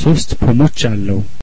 ሶስት ፖሞች አለው